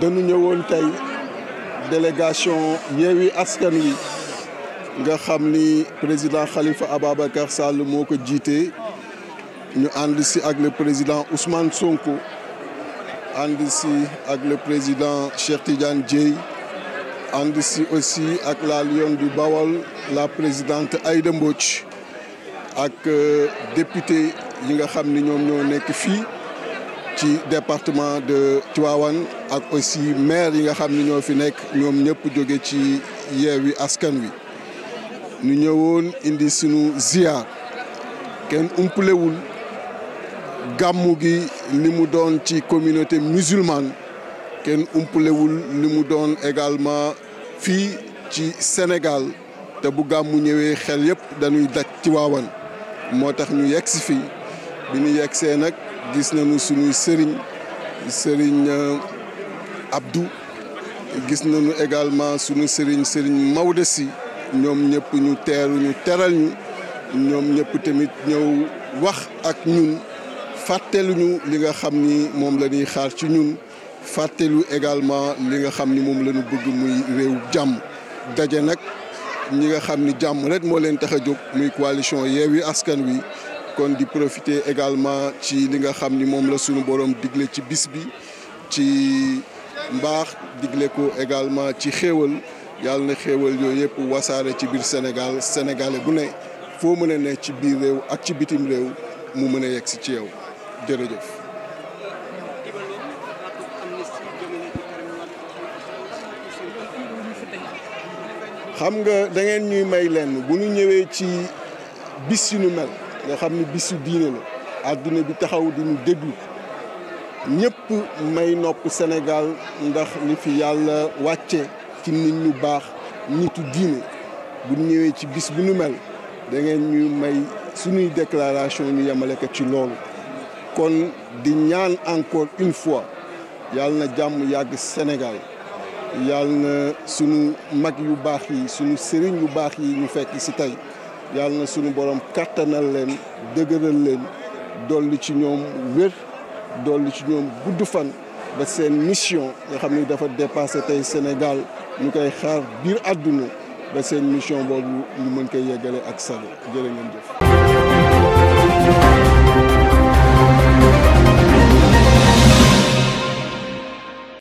dañu ñëwoon tey délégation Yewwi Askan Wi nga xam ni président Khalifa Ababacar Sall moo ko jiite ñu ànd si ak le président Ousmane Sonko ànd ak le président Cheikh Tidiane Dieye ànd si aussi ak la Lionne du Bawol la présidente Aïda Mbodj ak euh, député yi nga xam ni ñoom ñoo nekk fii ci département de tiwaawan ak aussi maire yi nga xam ni ñoo fi nekk ñoom ñëpp jóge ci Yewwi Askan Wi ñu ñëwoon indi sunu ziar kenn umpalewul gàmmu gi li mu doon ci communauté musulmane kenn umpalewul li mu doon également fii ci Sénégal te bu gàmmu ñëwee xel yëpp dañuy daj Tivaouane moo tax ñu yegg si fii bi ñu yegg nag. gis nañu suñuy sëriñ sëriñ euh, Abdou gis nañu également suñu sëriñ sëriñ Maodo si ñoom ñëpp ñu teeru ñu teral ñu ñoom ñëpp tamit ñëw wax ak ñun ñu li nga xam ni moom la xaar ci ñun fàttelu également li nga xam ni moom la ñu bëgg muy réew jàmm daje nag ñi nga xam ni jàmm rek moo leen tax a jóg muy coalition Yewwi Askan Wi kon di profité également ci li nga xam ni moom la sunu borom digle ci bis bi ci mbaax digle ko également ci xéewal yàlla na xéewal yooyu yëpp wasaare ci biir Sénégal sénégalais bu ne foo mën a ne ci biir réew ak ci bitim réew mu mën a yegg si ci yow jërëjëf. xam nga dangeen ñuy may lenn bu ñu ñëwee ci bis yu nu mel. nga xam ni bisu diine la àdduna bi taxaw di ñu déglu ñëpp may nopp senegal ndax ni fi yàlla wàcce ci nit ñu baax nitu diine bu ñëwee ci bis bi ñu mel dangeen ñuy may suñuy déclaration ñu yemale ko ci loolu kon di ñaan encore une fois yàlla na jàmm yàgg Sénégal yàlla na sunu mag yu baax yi sunu sëriñ yu baax yi ñu fekk ci tey yàlla na suñu boroom kattanal leen dëgëral leen dolli ci ñoom wér dolli ci ñoom gudd fan ba seen mission nga xam ni dafa dépassé tey Sénégal ñu koy xaar biir àdduna ba seen mission boobu ñu mën koy yeggale ak sago jërë ngeen jëf.